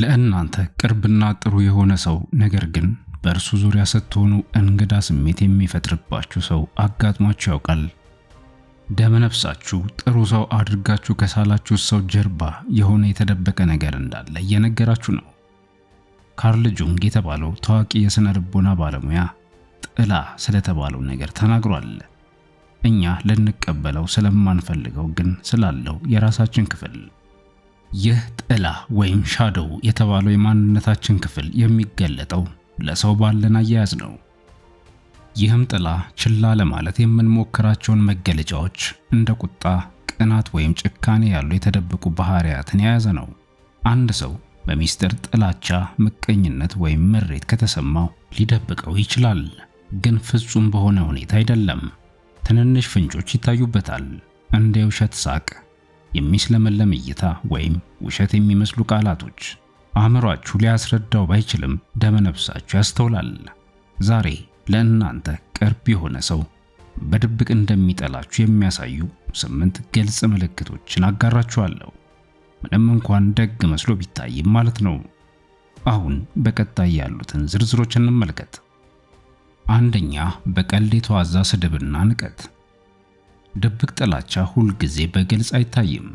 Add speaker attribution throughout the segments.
Speaker 1: ለእናንተ ቅርብና ጥሩ የሆነ ሰው ነገር ግን በእርሱ ዙሪያ ስትሆኑ እንግዳ ስሜት የሚፈጥርባችሁ ሰው አጋጥሟችሁ ያውቃል? ደመነፍሳችሁ ጥሩ ሰው አድርጋችሁ ከሳላችሁ ሰው ጀርባ የሆነ የተደበቀ ነገር እንዳለ እየነገራችሁ ነው። ካርል ጁንግ የተባለው ታዋቂ የሥነ ልቦና ባለሙያ ጥላ ስለተባለው ነገር ተናግሯል። እኛ ልንቀበለው ስለማንፈልገው ግን ስላለው የራሳችን ክፍል ይህ ጥላ ወይም ሻዶው የተባለው የማንነታችን ክፍል የሚገለጠው ለሰው ባለን አያያዝ ነው። ይህም ጥላ ችላ ለማለት የምንሞክራቸውን መገለጫዎች እንደ ቁጣ፣ ቅናት ወይም ጭካኔ ያሉ የተደበቁ ባህሪያትን የያዘ ነው። አንድ ሰው በሚስጥር ጥላቻ፣ ምቀኝነት ወይም ምሬት ከተሰማው ሊደብቀው ይችላል፣ ግን ፍጹም በሆነ ሁኔታ አይደለም። ትንንሽ ፍንጮች ይታዩበታል፣ እንደ ውሸት ሳቅ የሚስለመለም እይታ ወይም ውሸት የሚመስሉ ቃላቶች አእምሯችሁ ሊያስረዳው ባይችልም ደመነፍሳችሁ ያስተውላል። ዛሬ ለእናንተ ቅርብ የሆነ ሰው በድብቅ እንደሚጠላችሁ የሚያሳዩ ስምንት ግልጽ ምልክቶችን አጋራችኋለሁ። ምንም እንኳን ደግ መስሎ ቢታይም ማለት ነው። አሁን በቀጣይ ያሉትን ዝርዝሮች እንመልከት። አንደኛ፣ በቀልድ የተዋዛ ስድብና ንቀት። ድብቅ ጥላቻ ሁልጊዜ በግልጽ አይታይም።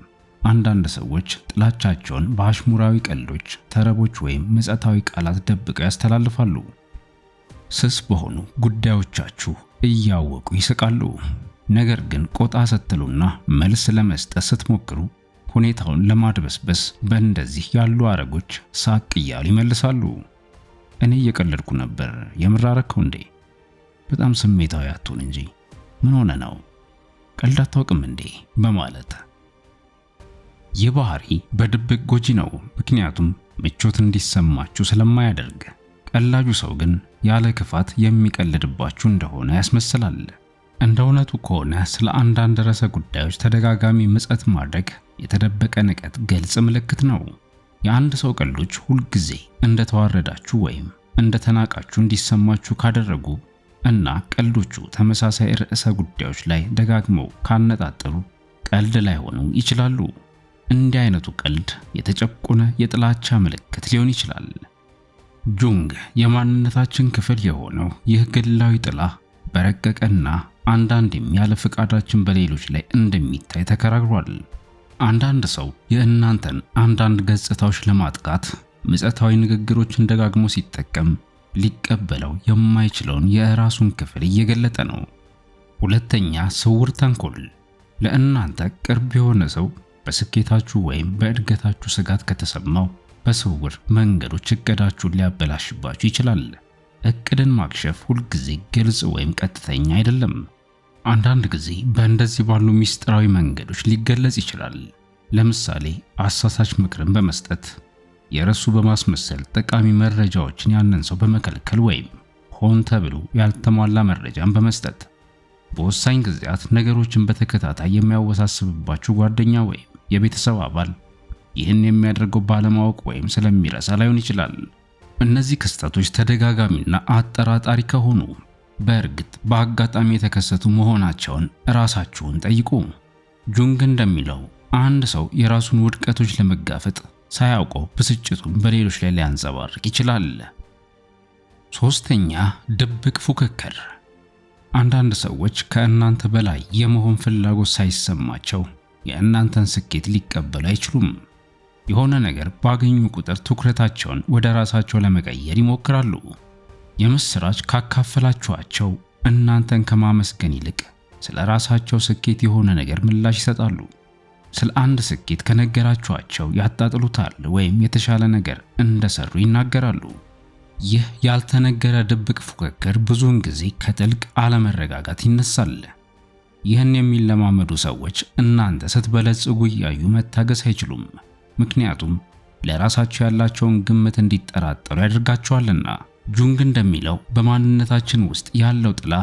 Speaker 1: አንዳንድ ሰዎች ጥላቻቸውን በአሽሙራዊ ቀልዶች፣ ተረቦች ወይም ምጸታዊ ቃላት ደብቀው ያስተላልፋሉ። ስስ በሆኑ ጉዳዮቻችሁ እያወቁ ይስቃሉ። ነገር ግን ቆጣ ስትሉና መልስ ለመስጠት ስትሞክሩ ሁኔታውን ለማድበስበስ በእንደዚህ ያሉ አረጎች ሳቅ እያሉ ይመልሳሉ። እኔ እየቀለድኩ ነበር። የምራረከው እንዴ? በጣም ስሜታዊ አትሁን እንጂ ምን ሆነ ነው ቀልድ አታውቅም እንዴ በማለት ይህ ባህሪ በድብቅ ጎጂ ነው። ምክንያቱም ምቾት እንዲሰማችሁ ስለማያደርግ፣ ቀላጁ ሰው ግን ያለ ክፋት የሚቀልድባችሁ እንደሆነ ያስመስላል። እንደ እውነቱ ከሆነ ስለ አንዳንድ ርዕሰ ጉዳዮች ተደጋጋሚ ምጸት ማድረግ የተደበቀ ንቀት ግልጽ ምልክት ነው። የአንድ ሰው ቀልዶች ሁልጊዜ እንደተዋረዳችሁ ወይም እንደተናቃችሁ እንዲሰማችሁ ካደረጉ እና ቀልዶቹ ተመሳሳይ ርዕሰ ጉዳዮች ላይ ደጋግመው ካነጣጠሩ ቀልድ ላይሆኑ ይችላሉ። እንዲህ አይነቱ ቀልድ የተጨቆነ የጥላቻ ምልክት ሊሆን ይችላል። ጁንግ የማንነታችን ክፍል የሆነው ይህ ግላዊ ጥላ በረቀቀና አንዳንድም ያለ ፍቃዳችን በሌሎች ላይ እንደሚታይ ተከራግሯል። አንዳንድ ሰው የእናንተን አንዳንድ ገጽታዎች ለማጥቃት ምጸታዊ ንግግሮችን ደጋግሞ ሲጠቀም ሊቀበለው የማይችለውን የራሱን ክፍል እየገለጠ ነው። ሁለተኛ ስውር ተንኮል። ለእናንተ ቅርብ የሆነ ሰው በስኬታችሁ ወይም በእድገታችሁ ስጋት ከተሰማው በስውር መንገዶች እቅዳችሁን ሊያበላሽባችሁ ይችላል። እቅድን ማክሸፍ ሁልጊዜ ግልጽ ወይም ቀጥተኛ አይደለም። አንዳንድ ጊዜ በእንደዚህ ባሉ ምስጢራዊ መንገዶች ሊገለጽ ይችላል። ለምሳሌ አሳሳች ምክርን በመስጠት የረሱ በማስመሰል ጠቃሚ መረጃዎችን ያንን ሰው በመከልከል ወይም ሆን ተብሎ ያልተሟላ መረጃን በመስጠት በወሳኝ ጊዜያት ነገሮችን በተከታታይ የሚያወሳስብባችሁ ጓደኛ ወይም የቤተሰብ አባል ይህን የሚያደርገው ባለማወቅ ወይም ስለሚረሳ ላይሆን ይችላል። እነዚህ ክስተቶች ተደጋጋሚና አጠራጣሪ ከሆኑ በእርግጥ በአጋጣሚ የተከሰቱ መሆናቸውን ራሳችሁን ጠይቁ። ጁንግ እንደሚለው አንድ ሰው የራሱን ውድቀቶች ለመጋፈጥ ሳያውቀው ብስጭቱን በሌሎች ላይ ሊያንጸባርቅ ይችላል። ሶስተኛ ድብቅ ፉክክር። አንዳንድ ሰዎች ከእናንተ በላይ የመሆን ፍላጎት ሳይሰማቸው የእናንተን ስኬት ሊቀበሉ አይችሉም። የሆነ ነገር ባገኙ ቁጥር ትኩረታቸውን ወደ ራሳቸው ለመቀየር ይሞክራሉ። የምስራች ካካፈላችኋቸው እናንተን ከማመስገን ይልቅ ስለ ራሳቸው ስኬት የሆነ ነገር ምላሽ ይሰጣሉ። ስለ አንድ ስኬት ከነገራችኋቸው ያጣጥሉታል ወይም የተሻለ ነገር እንደሰሩ ይናገራሉ። ይህ ያልተነገረ ድብቅ ፉክክር ብዙውን ጊዜ ከጥልቅ አለመረጋጋት ይነሳል። ይህን የሚለማመዱ ሰዎች እናንተ ስትበለጽጉ እያዩ መታገስ አይችሉም፣ ምክንያቱም ለራሳቸው ያላቸውን ግምት እንዲጠራጠሩ ያደርጋቸዋልና። ጁንግ እንደሚለው በማንነታችን ውስጥ ያለው ጥላ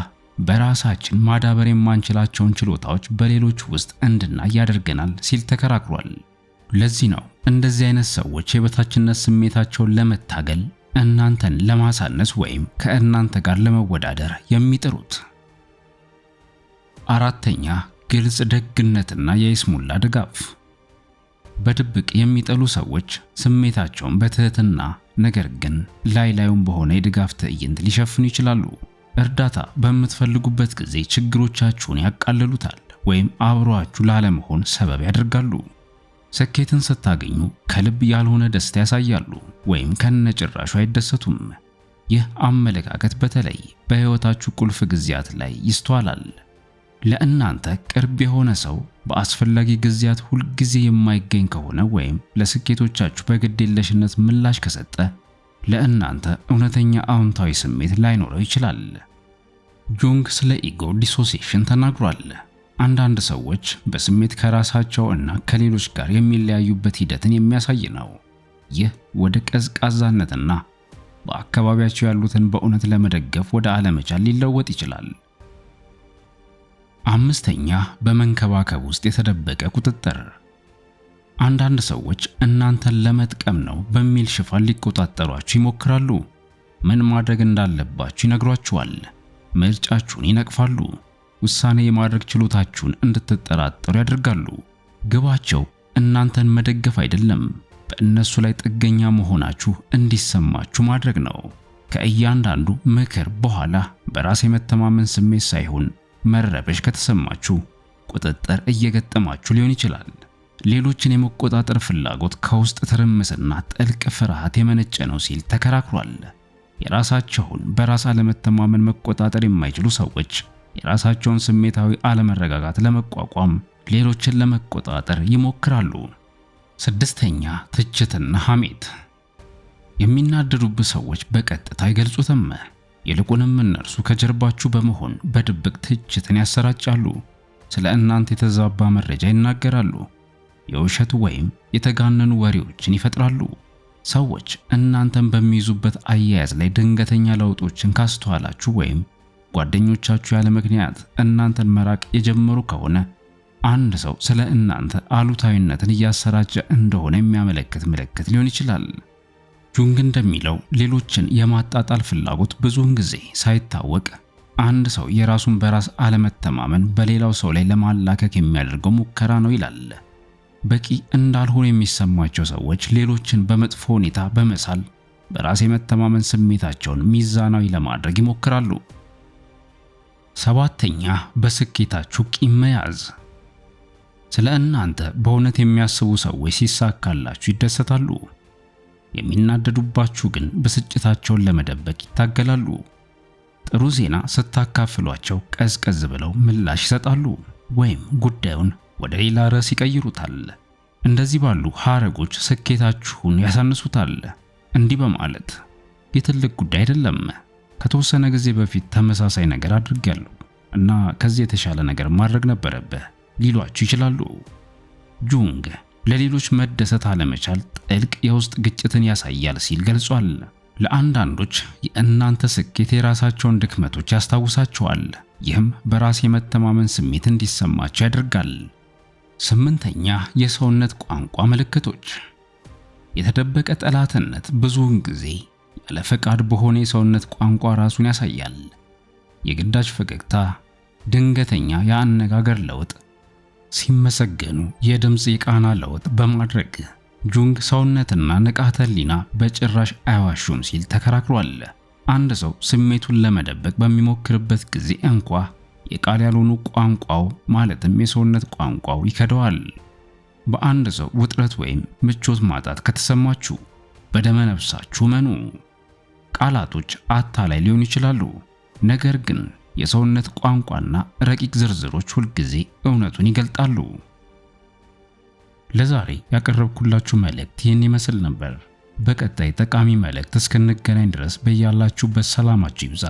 Speaker 1: በራሳችን ማዳበር የማንችላቸውን ችሎታዎች በሌሎች ውስጥ እንድናይ ያደርገናል ሲል ተከራክሯል። ለዚህ ነው እንደዚህ አይነት ሰዎች የበታችነት ስሜታቸውን ለመታገል እናንተን ለማሳነስ ወይም ከእናንተ ጋር ለመወዳደር የሚጥሩት። አራተኛ ግልጽ ደግነትና የይስሙላ ድጋፍ። በድብቅ የሚጠሉ ሰዎች ስሜታቸውን በትህትና ነገር ግን ላይ ላዩን በሆነ የድጋፍ ትዕይንት ሊሸፍኑ ይችላሉ። እርዳታ በምትፈልጉበት ጊዜ ችግሮቻችሁን ያቃለሉታል ወይም አብሯችሁ ላለመሆን ሰበብ ያደርጋሉ። ስኬትን ስታገኙ ከልብ ያልሆነ ደስታ ያሳያሉ ወይም ከነጭራሹ አይደሰቱም። ይህ አመለካከት በተለይ በሕይወታችሁ ቁልፍ ጊዜያት ላይ ይስተዋላል። ለእናንተ ቅርብ የሆነ ሰው በአስፈላጊ ጊዜያት ሁልጊዜ የማይገኝ ከሆነ ወይም ለስኬቶቻችሁ በግዴለሽነት ምላሽ ከሰጠ ለእናንተ እውነተኛ አዎንታዊ ስሜት ላይኖረው ይችላል። ጆንግ ስለ ኢጎ ዲሶሲሽን ተናግሯል። አንዳንድ ሰዎች በስሜት ከራሳቸው እና ከሌሎች ጋር የሚለያዩበት ሂደትን የሚያሳይ ነው። ይህ ወደ ቀዝቃዛነትና በአካባቢያቸው ያሉትን በእውነት ለመደገፍ ወደ አለመቻል ሊለወጥ ይችላል። አምስተኛ በመንከባከብ ውስጥ የተደበቀ ቁጥጥር አንዳንድ ሰዎች እናንተን ለመጥቀም ነው በሚል ሽፋን ሊቆጣጠሯችሁ ይሞክራሉ። ምን ማድረግ እንዳለባችሁ ይነግሯችኋል። ምርጫችሁን ይነቅፋሉ። ውሳኔ የማድረግ ችሎታችሁን እንድትጠራጠሩ ያደርጋሉ። ግባቸው እናንተን መደገፍ አይደለም፣ በእነሱ ላይ ጥገኛ መሆናችሁ እንዲሰማችሁ ማድረግ ነው። ከእያንዳንዱ ምክር በኋላ በራስ የመተማመን ስሜት ሳይሆን መረበሽ ከተሰማችሁ ቁጥጥር እየገጠማችሁ ሊሆን ይችላል። ሌሎችን የመቆጣጠር ፍላጎት ከውስጥ ትርምስና ጥልቅ ፍርሃት የመነጨ ነው ሲል ተከራክሯል። የራሳቸውን በራስ አለመተማመን መቆጣጠር የማይችሉ ሰዎች የራሳቸውን ስሜታዊ አለመረጋጋት ለመቋቋም ሌሎችን ለመቆጣጠር ይሞክራሉ። ስድስተኛ ትችትና ሐሜት። የሚናደዱብህ ሰዎች በቀጥታ አይገልጹትም። ይልቁንም እነርሱ ከጀርባችሁ በመሆን በድብቅ ትችትን ያሰራጫሉ። ስለ እናንተ የተዛባ መረጃ ይናገራሉ። የውሸት ወይም የተጋነኑ ወሬዎችን ይፈጥራሉ። ሰዎች እናንተን በሚይዙበት አያያዝ ላይ ድንገተኛ ለውጦችን ካስተዋላችሁ ወይም ጓደኞቻችሁ ያለ ምክንያት እናንተን መራቅ የጀመሩ ከሆነ አንድ ሰው ስለ እናንተ አሉታዊነትን እያሰራጨ እንደሆነ የሚያመለክት ምልክት ሊሆን ይችላል። ጁንግ እንደሚለው ሌሎችን የማጣጣል ፍላጎት ብዙውን ጊዜ ሳይታወቅ አንድ ሰው የራሱን በራስ አለመተማመን በሌላው ሰው ላይ ለማላከክ የሚያደርገው ሙከራ ነው ይላል። በቂ እንዳልሆኑ የሚሰማቸው ሰዎች ሌሎችን በመጥፎ ሁኔታ በመሳል በራስ የመተማመን ስሜታቸውን ሚዛናዊ ለማድረግ ይሞክራሉ። ሰባተኛ በስኬታችሁ ቂም መያዝ። ስለ እናንተ በእውነት የሚያስቡ ሰዎች ሲሳካላችሁ ይደሰታሉ። የሚናደዱባችሁ ግን ብስጭታቸውን ለመደበቅ ይታገላሉ። ጥሩ ዜና ስታካፍሏቸው ቀዝቀዝ ብለው ምላሽ ይሰጣሉ ወይም ጉዳዩን ወደ ሌላ ርዕስ ይቀይሩታል። እንደዚህ ባሉ ሐረጎች ስኬታችሁን ያሳንሱታል። እንዲህ በማለት የትልቅ ጉዳይ አይደለም፣ ከተወሰነ ጊዜ በፊት ተመሳሳይ ነገር አድርጌያለሁ እና ከዚህ የተሻለ ነገር ማድረግ ነበረብህ ሊሏችሁ ይችላሉ። ጁንግ ለሌሎች መደሰት አለመቻል ጥልቅ የውስጥ ግጭትን ያሳያል ሲል ገልጿል። ለአንዳንዶች የእናንተ ስኬት የራሳቸውን ድክመቶች ያስታውሳቸዋል። ይህም በራስ የመተማመን ስሜት እንዲሰማቸው ያደርጋል። ስምንተኛ የሰውነት ቋንቋ ምልክቶች የተደበቀ ጠላትነት ብዙውን ጊዜ ያለ ፈቃድ በሆነ የሰውነት ቋንቋ ራሱን ያሳያል። የግዳጅ ፈገግታ፣ ድንገተኛ የአነጋገር ለውጥ፣ ሲመሰገኑ የድምፅ የቃና ለውጥ በማድረግ ጁንግ ሰውነትና ንቃተ ህሊና በጭራሽ አይዋሹም ሲል ተከራክሯል። አንድ ሰው ስሜቱን ለመደበቅ በሚሞክርበት ጊዜ እንኳ የቃል ያልሆኑ ቋንቋው ማለትም የሰውነት ቋንቋው ይከደዋል። በአንድ ሰው ውጥረት ወይም ምቾት ማጣት ከተሰማችሁ በደመ ነፍሳችሁ መኑ። ቃላቶች አታላይ ሊሆኑ ይችላሉ፣ ነገር ግን የሰውነት ቋንቋና ረቂቅ ዝርዝሮች ሁልጊዜ እውነቱን ይገልጣሉ። ለዛሬ ያቀረብኩላችሁ መልእክት ይህን ይመስል ነበር። በቀጣይ ጠቃሚ መልእክት እስክንገናኝ ድረስ በያላችሁበት ሰላማችሁ ይብዛ።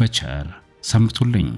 Speaker 1: በቸር ሰንብቱልኝ።